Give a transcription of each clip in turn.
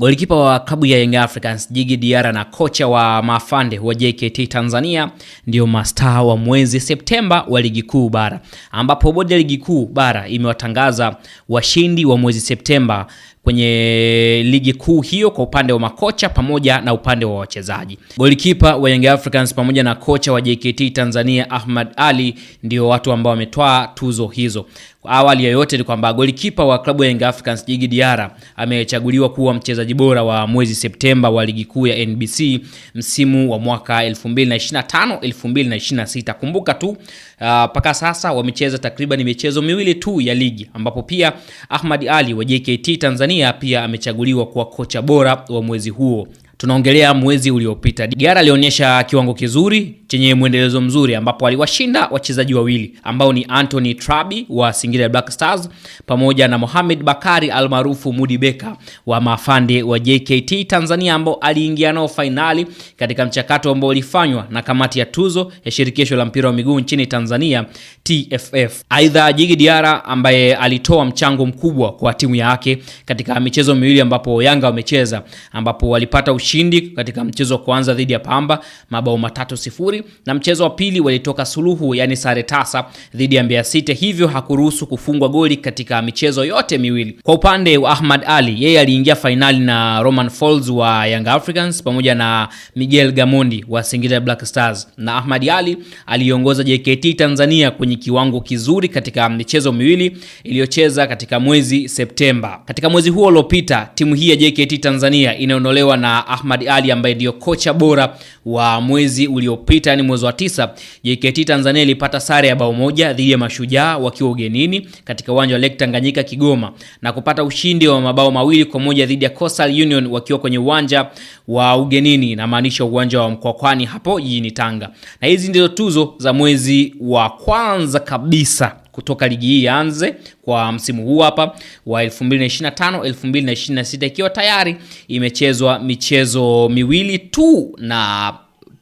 Golikipa wa klabu ya Young Africans Jigi Diarra na kocha wa Mafande wa JKT Tanzania ndio mastaa wa mwezi Septemba wa ligi kuu bara, ambapo bodi ya ligi kuu bara imewatangaza washindi wa mwezi Septemba kwenye ligi kuu hiyo kwa upande wa makocha pamoja na upande wa wachezaji. Golikipa wa Young Africans pamoja na kocha wa JKT Tanzania Ahmad Ali ndio watu ambao wametwaa tuzo hizo. awali ya yote ni kwamba golikipa wa klabu ya Young Africans Djigui Diara amechaguliwa kuwa mchezaji bora wa mwezi Septemba wa ligi kuu ya NBC msimu wa mwaka 2025 2026. Kumbuka tu uh, paka sasa wamecheza takriban michezo miwili tu ya ligi ambapo pia Ahmad Ali wa JKT Tanzania Tanzania pia amechaguliwa kuwa kocha bora wa mwezi huo tunaongelea mwezi uliopita, Diara alionyesha kiwango kizuri chenye mwendelezo mzuri ambapo aliwashinda wachezaji wawili ambao ni Anthony Trabi wa Singida Black Stars pamoja na Mohamed Bakari almaarufu Mudi Beka wa Mafande wa JKT Tanzania ambao aliingia nao fainali katika mchakato ambao ulifanywa na kamati ya tuzo ya shirikisho la mpira wa miguu nchini Tanzania TFF. Aidha, Jigi Diara ambaye alitoa mchango mkubwa kwa timu yake katika michezo miwili ambapo Yanga wamecheza ambapo walipata ushindi ushindi katika mchezo wa kwanza dhidi ya Pamba mabao matatu sifuri, na mchezo wa pili walitoka suluhu, yani sare tasa dhidi ya Mbeya City, hivyo hakuruhusu kufungwa goli katika michezo yote miwili. Kwa upande wa Ahmad Ali, yeye aliingia fainali na Roman Falls wa Young Africans pamoja na Miguel Gamondi wa Singida Black Stars, na Ahmad Ali aliongoza JKT Tanzania kwenye kiwango kizuri katika michezo miwili iliyocheza katika mwezi Septemba. Katika mwezi huo uliopita, timu hii ya JKT Tanzania inaondolewa na Ahmad Ali ambaye ndiyo kocha bora wa mwezi uliopita, yani mwezi wa tisa, JKT Tanzania ilipata sare ya bao moja dhidi ya Mashujaa wakiwa ugenini katika uwanja wa Lake Tanganyika Kigoma, na kupata ushindi wa mabao mawili kwa moja dhidi ya Coastal Union wakiwa kwenye uwanja wa ugenini, namaanisha uwanja wa Mkwakwani hapo jijini Tanga. Na hizi ndizo tuzo za mwezi wa kwanza kabisa kutoka ligi hii ianze kwa msimu huu hapa wa 2025 2026, ikiwa tayari imechezwa michezo miwili tu na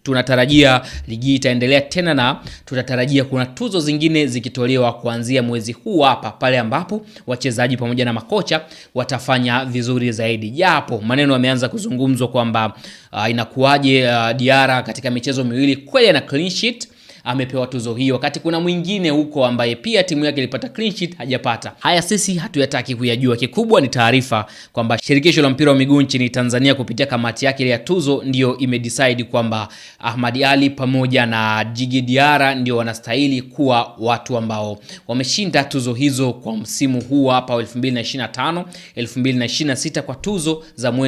tunatarajia ligi itaendelea tena na tutatarajia kuna tuzo zingine zikitolewa kuanzia mwezi huu hapa, pale ambapo wachezaji pamoja na makocha watafanya vizuri zaidi, japo maneno yameanza kuzungumzwa kwamba uh, inakuwaje uh, Diara katika michezo miwili kweli na clean sheet amepewa tuzo hii, wakati kuna mwingine huko ambaye pia timu yake ilipata clean sheet hajapata. Haya sisi hatuyataki kuyajua, kikubwa ni taarifa kwamba shirikisho la mpira wa miguu nchini Tanzania kupitia kamati yake ya tuzo ndiyo imedecide kwamba Ahmad Ali pamoja na Jigi Diara ndio wanastahili kuwa watu ambao wameshinda tuzo hizo kwa msimu huu hapa 2025 2026 kwa tuzo za